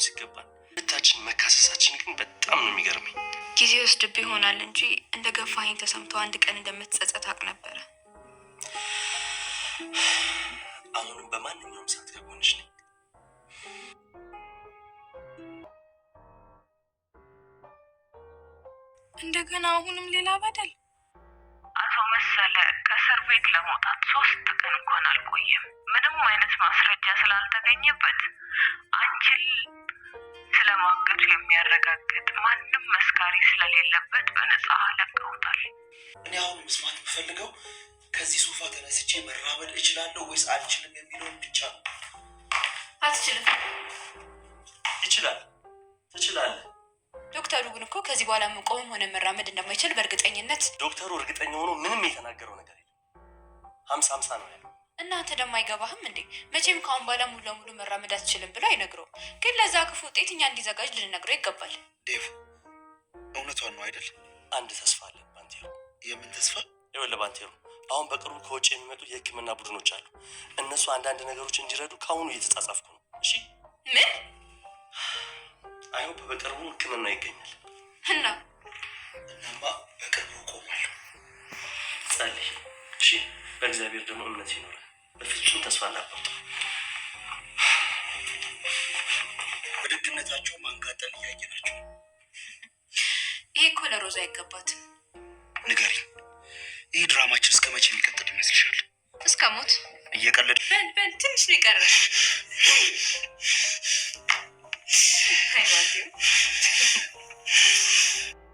ልንቃወም ሲገባል ሁለታችን መካሰሳችን ግን በጣም ነው የሚገርመኝ። ጊዜ ወስድብ ይሆናል እንጂ እንደ ገፋኸኝ ተሰምቶ አንድ ቀን እንደምትጸጸት አውቅ ነበረ። አሁንም በማንኛውም ሰዓት ከጎንሽ ነኝ። እንደገና አሁንም ሌላ በደል አቶ መሰለ ከእስር ቤት ለመውጣት ሶስት ቀን እንኳን አልቆየም። ምንም አይነት ማስረጃ ስላልተገኘበት አንችል ለማገት የሚያረጋግጥ ማንም መስካሪ ስለሌለበት በነፃ ለቀውታል። እኔ አሁን መስማት የምፈልገው ከዚህ ሶፋ ተነስቼ መራመድ እችላለሁ ወይስ አልችልም የሚለውን ብቻ ነው። አትችልም። ይችላል፣ ትችላለህ። ዶክተሩ ግን እኮ ከዚህ በኋላ መቆምም ሆነ መራመድ እንደማይችል በእርግጠኝነት ዶክተሩ እርግጠኛ ሆኖ ምንም የተናገረው ነገር የለም። ሀምሳ ሀምሳ ነው ያለው እናንተ ደግሞ አይገባህም እንዴ? መቼም ከአሁን በኋላ ሙሉ ለሙሉ መራመድ አትችልም ብሎ አይነግረውም። ግን ለዛ ክፉ ውጤት እኛ እንዲዘጋጅ ልንነግረው ይገባል። ዴቭ እውነቷን ነው አይደል? አንድ ተስፋ አለ ባንቴሮ። የምን ተስፋ? ይኸውልህ ባንቴሮ፣ አሁን በቅርቡ ከውጭ የሚመጡ የህክምና ቡድኖች አሉ። እነሱ አንዳንድ ነገሮች እንዲረዱ ከአሁኑ እየተጻጻፍኩ ነው። እሺ ምን አይሆን? በቅርቡ ህክምና ይገኛል እና እናማ በቅርቡ ቆማለሁ። ጸልይ እሺ። በእግዚአብሔር ደግሞ እምነት ይኖራል። በፍጹም ተስፋ አላቆርጥ። በደግነታቸው ማንጋጠል እያየ ናቸው። ይሄ እኮ ለሮዛ አይገባትም። ንገሪኝ፣ ይህ ድራማችን እስከ መቼ የሚቀጥል ይመስልሻል? እስከ ሞት። እየቀለድ በል በል፣ ትንሽ ነው ይቀረ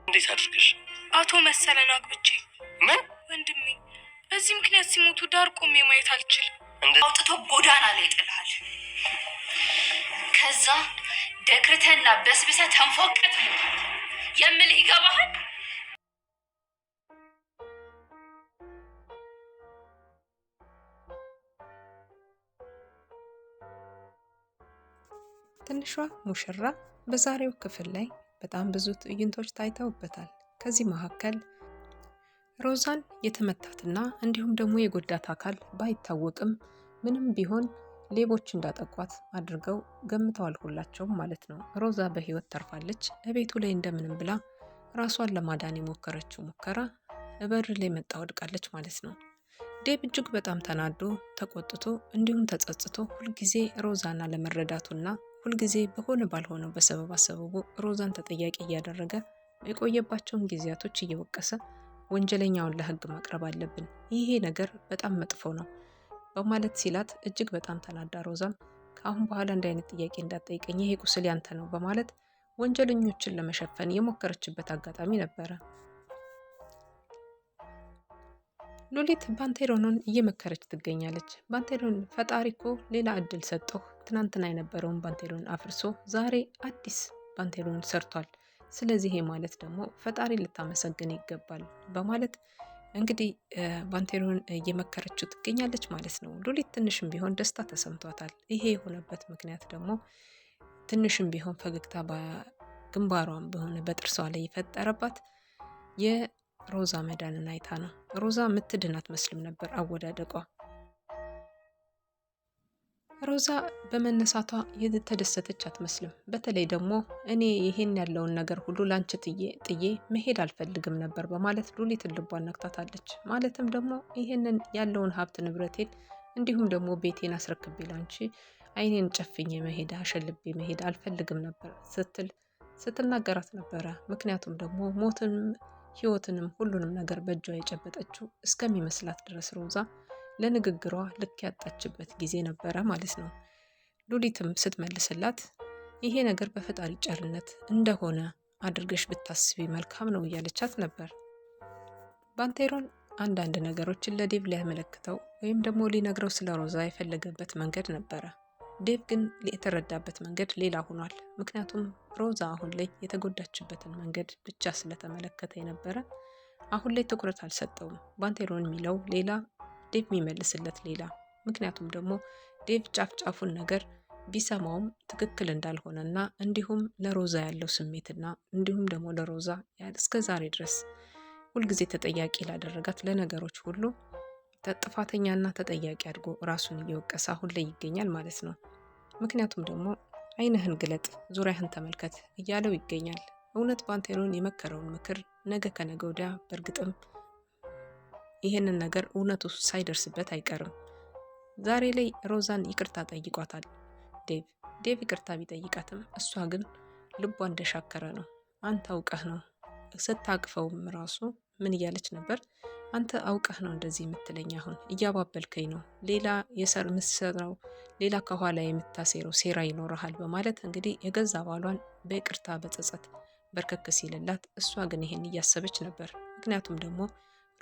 እንዴት አድርገሽ አቶ መሰለን አግብቼ በዚህ ምክንያት ሲሞቱ ዳር ቆሜ ማየት አልችልም። አውጥቶ ጎዳና ላይ ጥልሃል። ከዛ ደክርተና በስብሰ ተንፎቀት የምልህ ይገባሃል? ትንሿ ሙሽራ በዛሬው ክፍል ላይ በጣም ብዙ ትዕይንቶች ታይተውበታል። ከዚህ መካከል ሮዛን የተመታትና እንዲሁም ደግሞ የጎዳት አካል ባይታወቅም ምንም ቢሆን ሌቦች እንዳጠቋት አድርገው ገምተዋል ሁላቸውም ማለት ነው። ሮዛ በህይወት ተርፋለች። እቤቱ ላይ እንደምንም ብላ ራሷን ለማዳን የሞከረችው ሙከራ በር ላይ መጣ ወድቃለች ማለት ነው። ዴብ እጅግ በጣም ተናዶ ተቆጥቶ እንዲሁም ተጸጽቶ ሁልጊዜ ሮዛን አለመረዳቱና ሁልጊዜ በሆነ ባልሆነው በሰበብ አሰበቡ ሮዛን ተጠያቂ እያደረገ የቆየባቸውን ጊዜያቶች እየወቀሰ ወንጀለኛውን ለህግ ማቅረብ አለብን፣ ይሄ ነገር በጣም መጥፎ ነው በማለት ሲላት እጅግ በጣም ተናዳ ሮዛም ከአሁን በኋላ እንድ አይነት ጥያቄ እንዳትጠይቀኝ፣ ይሄ ቁስል ያንተ ነው በማለት ወንጀለኞችን ለመሸፈን የሞከረችበት አጋጣሚ ነበረ። ሉሊት ባንቴሮኖን እየመከረች ትገኛለች። ባንቴሮን ፈጣሪ እኮ ሌላ እድል ሰጠሁ፣ ትናንትና የነበረውን ባንቴሮን አፍርሶ ዛሬ አዲስ ባንቴሮን ሰርቷል። ስለዚህ ማለት ደግሞ ፈጣሪ ልታመሰግን ይገባል በማለት እንግዲህ ባንቴሮን እየመከረችው ትገኛለች ማለት ነው። ሉሊት ትንሽም ቢሆን ደስታ ተሰምቷታል። ይሄ የሆነበት ምክንያት ደግሞ ትንሽም ቢሆን ፈገግታ ግንባሯም በሆነ በጥርሷ ላይ የፈጠረባት የሮዛ መዳንን አይታ ነው። ሮዛ ምትድን አትመስልም ነበር አወዳደቋ። ሮዛ በመነሳቷ የተደሰተች አትመስልም። በተለይ ደግሞ እኔ ይሄን ያለውን ነገር ሁሉ ላንቺ ትዬ ጥዬ መሄድ አልፈልግም ነበር በማለት ሉሊትን ልቧን ነክታታለች። ማለትም ደግሞ ይሄንን ያለውን ሀብት ንብረቴን እንዲሁም ደግሞ ቤቴን አስረክቤ ላንቺ አይኔን ጨፍኜ መሄድ አሸልቤ መሄድ አልፈልግም ነበር ስትል ስትናገራት ነበረ። ምክንያቱም ደግሞ ሞትንም ህይወትንም ሁሉንም ነገር በእጇ የጨበጠችው እስከሚመስላት ድረስ ሮዛ ለንግግሯ ልክ ያጣችበት ጊዜ ነበረ ማለት ነው። ሉሊትም ስትመልስላት ይሄ ነገር በፈጣሪ ጨርነት እንደሆነ አድርገሽ ብታስቢ መልካም ነው እያለቻት ነበር። ባንቴሮን አንዳንድ ነገሮችን ለዴቭ ሊያመለክተው ወይም ደግሞ ሊነግረው ስለ ሮዛ የፈለገበት መንገድ ነበረ። ዴቭ ግን የተረዳበት መንገድ ሌላ ሆኗል። ምክንያቱም ሮዛ አሁን ላይ የተጎዳችበትን መንገድ ብቻ ስለተመለከተ የነበረ አሁን ላይ ትኩረት አልሰጠውም። ባንቴሮን የሚለው ሌላ ዴቭ የሚመልስለት ሌላ። ምክንያቱም ደግሞ ዴቭ ጫፍ ጫፉን ነገር ቢሰማውም ትክክል እንዳልሆነ እና እንዲሁም ለሮዛ ያለው ስሜትና እንዲሁም ደግሞ ለሮዛ እስከ ዛሬ ድረስ ሁልጊዜ ተጠያቂ ላደረጋት ለነገሮች ሁሉ ጥፋተኛና ተጠያቂ አድርጎ ራሱን እየወቀሰ አሁን ላይ ይገኛል ማለት ነው። ምክንያቱም ደግሞ አይንህን ግለጥ፣ ዙሪያህን ተመልከት እያለው ይገኛል። እውነት ባንቴሮን የመከረውን ምክር ነገ ከነገ ወዲያ በእርግጥም ይህንን ነገር እውነቱ ሳይደርስበት አይቀርም። ዛሬ ላይ ሮዛን ይቅርታ ጠይቋታል ዴቭ። ዴቭ ይቅርታ ቢጠይቃትም እሷ ግን ልቧ እንደሻከረ ነው። አንተ አውቀህ ነው ስታቅፈውም ራሱ ምን እያለች ነበር? አንተ አውቀህ ነው እንደዚህ የምትለኝ፣ አሁን እያባበልከኝ ነው፣ ሌላ የሰር ምሰራው ሌላ ከኋላ የምታሴረው ሴራ ይኖረሃል በማለት እንግዲህ የገዛ ባሏን በይቅርታ በጸጸት በርከክ ሲልላት፣ እሷ ግን ይሄን እያሰበች ነበር። ምክንያቱም ደግሞ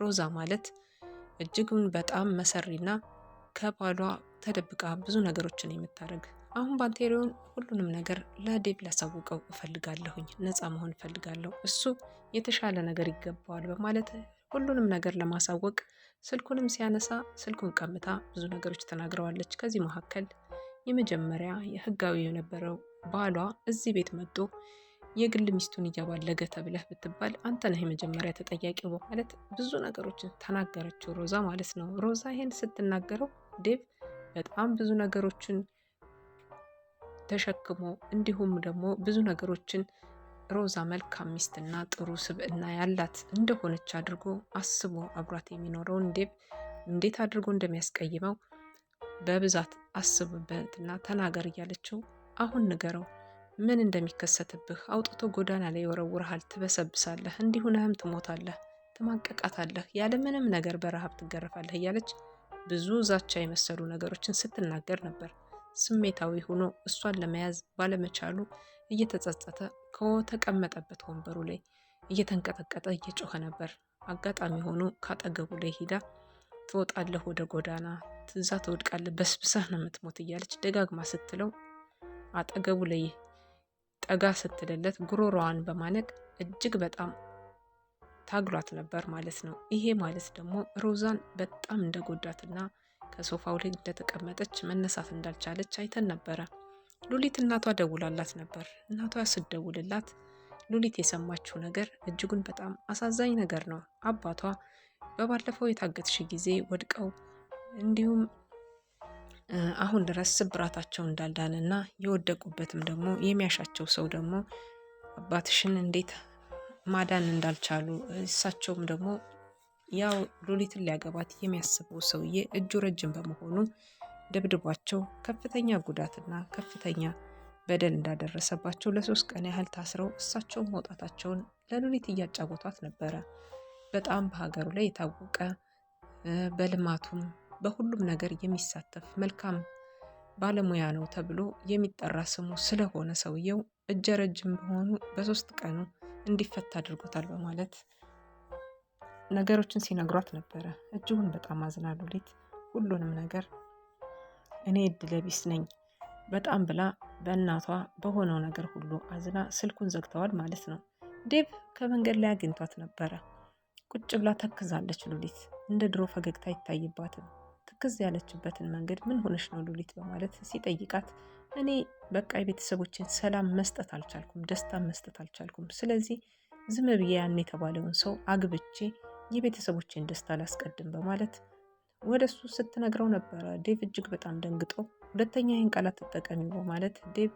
ሮዛ ማለት እጅጉን በጣም መሰሪና ከባሏ ተደብቃ ብዙ ነገሮችን የምታደርግ አሁን ባንቴሪዮን ሁሉንም ነገር ለዴብ ላሳውቀው እፈልጋለሁኝ፣ ነፃ መሆን እፈልጋለሁ፣ እሱ የተሻለ ነገር ይገባዋል በማለት ሁሉንም ነገር ለማሳወቅ ስልኩንም ሲያነሳ ስልኩን ቀምታ ብዙ ነገሮች ተናግረዋለች። ከዚህ መካከል የመጀመሪያ የህጋዊ የነበረው ባሏ እዚህ ቤት መጥቶ የግል ሚስቱን እያባለገ ተብለህ ብትባል አንተ ነህ የመጀመሪያ ተጠያቂው በማለት ብዙ ነገሮችን ተናገረችው ሮዛ ማለት ነው። ሮዛ ይሄን ስትናገረው ዴቭ በጣም ብዙ ነገሮችን ተሸክሞ እንዲሁም ደግሞ ብዙ ነገሮችን ሮዛ መልካም ሚስትና ጥሩ ስብዕና ያላት እንደሆነች አድርጎ አስቦ አብሯት የሚኖረውን ዴቭ እንዴት አድርጎ እንደሚያስቀይመው በብዛት አስብበትና ተናገር እያለችው አሁን ንገረው ምን እንደሚከሰትብህ አውጥቶ ጎዳና ላይ ይወረውርሃል፣ ትበሰብሳለህ፣ እንዲሁ ነህም ትሞታለህ፣ ትማቀቃታለህ፣ ያለ ምንም ነገር በረሃብ ትገረፋለህ እያለች ብዙ ዛቻ የመሰሉ ነገሮችን ስትናገር ነበር። ስሜታዊ ሆኖ እሷን ለመያዝ ባለመቻሉ እየተጸጸተ ከተቀመጠበት ወንበሩ ላይ እየተንቀጠቀጠ እየጮኸ ነበር። አጋጣሚ ሆኖ ካጠገቡ ላይ ሂዳ ትወጣለህ ወደ ጎዳና ትዛ ትወድቃለህ፣ በስብሰህ ነው የምትሞት እያለች ደጋግማ ስትለው አጠገቡ ላይ ጠጋ ስትልለት ጉሮሯዋን በማነቅ እጅግ በጣም ታግሏት ነበር ማለት ነው። ይሄ ማለት ደግሞ ሮዛን በጣም እንደጎዳትና ከሶፋው ላይ እንደተቀመጠች መነሳት እንዳልቻለች አይተን ነበረ። ሉሊት እናቷ ደውላላት ነበር። እናቷ ስደውልላት ሉሊት የሰማችው ነገር እጅጉን በጣም አሳዛኝ ነገር ነው። አባቷ በባለፈው የታገትሽ ጊዜ ወድቀው እንዲሁም አሁን ድረስ ስብራታቸው እንዳልዳነ እና የወደቁበትም ደግሞ የሚያሻቸው ሰው ደግሞ አባትሽን እንዴት ማዳን እንዳልቻሉ እሳቸውም ደግሞ ያው ሉሊትን ሊያገባት የሚያስበው ሰውዬ እጁ ረጅም በመሆኑ ደብድቧቸው ከፍተኛ ጉዳትና ከፍተኛ በደል እንዳደረሰባቸው ለሶስት ቀን ያህል ታስረው እሳቸውን መውጣታቸውን ለሉሊት እያጫወቷት ነበረ። በጣም በሀገሩ ላይ የታወቀ በልማቱም በሁሉም ነገር የሚሳተፍ መልካም ባለሙያ ነው ተብሎ የሚጠራ ስሙ ስለሆነ ሰውየው እጀ ረጅም በሆኑ በሶስት ቀኑ እንዲፈታ አድርጎታል በማለት ነገሮችን ሲነግሯት ነበረ። እጅጉን በጣም አዝና ሉሊት ሁሉንም ነገር እኔ እድለ ቢስ ነኝ በጣም ብላ በእናቷ በሆነው ነገር ሁሉ አዝና ስልኩን ዘግተዋል ማለት ነው። ዴብ ከመንገድ ላይ አግኝቷት ነበረ። ቁጭ ብላ ተክዛለች። ሉሊት እንደ ድሮ ፈገግታ አይታይባትም። ተክዝ ያለችበትን መንገድ ምን ሆነሽ ነው ሉሊት በማለት ሲጠይቃት እኔ በቃ የቤተሰቦችን ሰላም መስጠት አልቻልኩም፣ ደስታ መስጠት አልቻልኩም። ስለዚህ ዝም ብዬ ያን የተባለውን ሰው አግብቼ የቤተሰቦችን ደስታ ላስቀድም በማለት ወደ እሱ ስትነግረው ነበረ። ዴቭ እጅግ በጣም ደንግጦ ሁለተኛ ይህን ቃላት ተጠቀሚ በማለት ዴቭ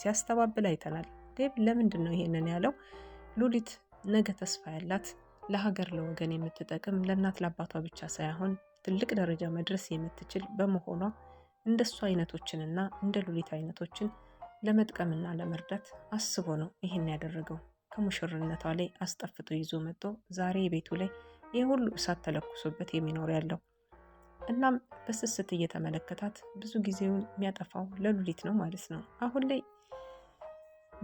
ሲያስተባብል አይተናል። ዴቭ ለምንድን ነው ይሄንን ያለው? ሉሊት ነገ ተስፋ ያላት ለሀገር ለወገን የምትጠቅም ለእናት ለአባቷ ብቻ ሳይሆን ትልቅ ደረጃ መድረስ የምትችል በመሆኗ እንደሱ አይነቶችንና እንደ ሉሊት አይነቶችን ለመጥቀምና ለመርዳት አስቦ ነው ይህን ያደረገው። ከሙሽርነቷ ላይ አስጠፍቶ ይዞ መጥቶ ዛሬ ቤቱ ላይ ይህ ሁሉ እሳት ተለኩሶበት የሚኖር ያለው። እናም በስስት እየተመለከታት ብዙ ጊዜውን የሚያጠፋው ለሉሊት ነው ማለት ነው። አሁን ላይ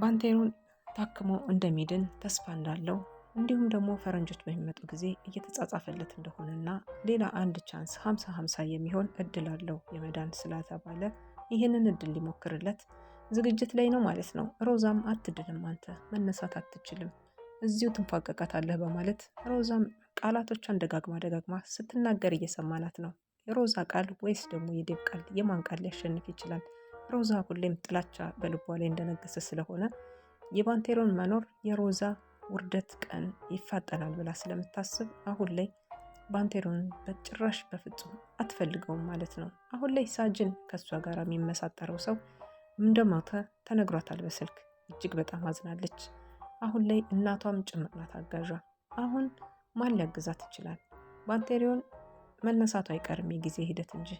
ባንቴሩን ታክሞ እንደሚድን ተስፋ እንዳለው እንዲሁም ደግሞ ፈረንጆች በሚመጡ ጊዜ እየተጻጻፈለት እንደሆነና ሌላ አንድ ቻንስ 50 50 የሚሆን እድል አለው የመዳን ስላተባለ ይህንን እድል ሊሞክርለት ዝግጅት ላይ ነው ማለት ነው። ሮዛም አትድልም፣ አንተ መነሳት አትችልም፣ እዚሁ ትንፏቀቃታለህ በማለት ሮዛም ቃላቶቿን ደጋግማ ደጋግማ ስትናገር እየሰማናት ነው። የሮዛ ቃል ወይስ ደግሞ የዴብ ቃል የማን ቃል ሊያሸንፍ ይችላል? ሮዛ ሁሌም ጥላቻ በልቧ ላይ እንደነገሰ ስለሆነ የባንቴሮን መኖር የሮዛ ውርደት ቀን ይፋጠናል ብላ ስለምታስብ አሁን ላይ ባንቴሮን በጭራሽ በፍጹም አትፈልገውም ማለት ነው። አሁን ላይ ሳጅን ከእሷ ጋር የሚመሳጠረው ሰው እንደሞተ ተነግሯታል በስልክ እጅግ በጣም አዝናለች። አሁን ላይ እናቷም ጭምር ናት አጋዣ አሁን ማን ሊያግዛት ይችላል? ባንቴሪዮን መነሳቱ አይቀርም የጊዜ ሂደት እንጂ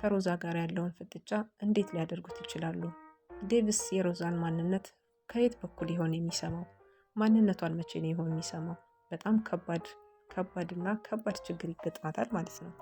ከሮዛ ጋር ያለውን ፍጥጫ እንዴት ሊያደርጉት ይችላሉ? ዴቪስ የሮዛን ማንነት ከየት በኩል ይሆን የሚሰማው? ማንነቷን መቼ ነው የሚሰማው? በጣም ከባድ ከባድና ከባድ ችግር ይገጥማታል ማለት ነው።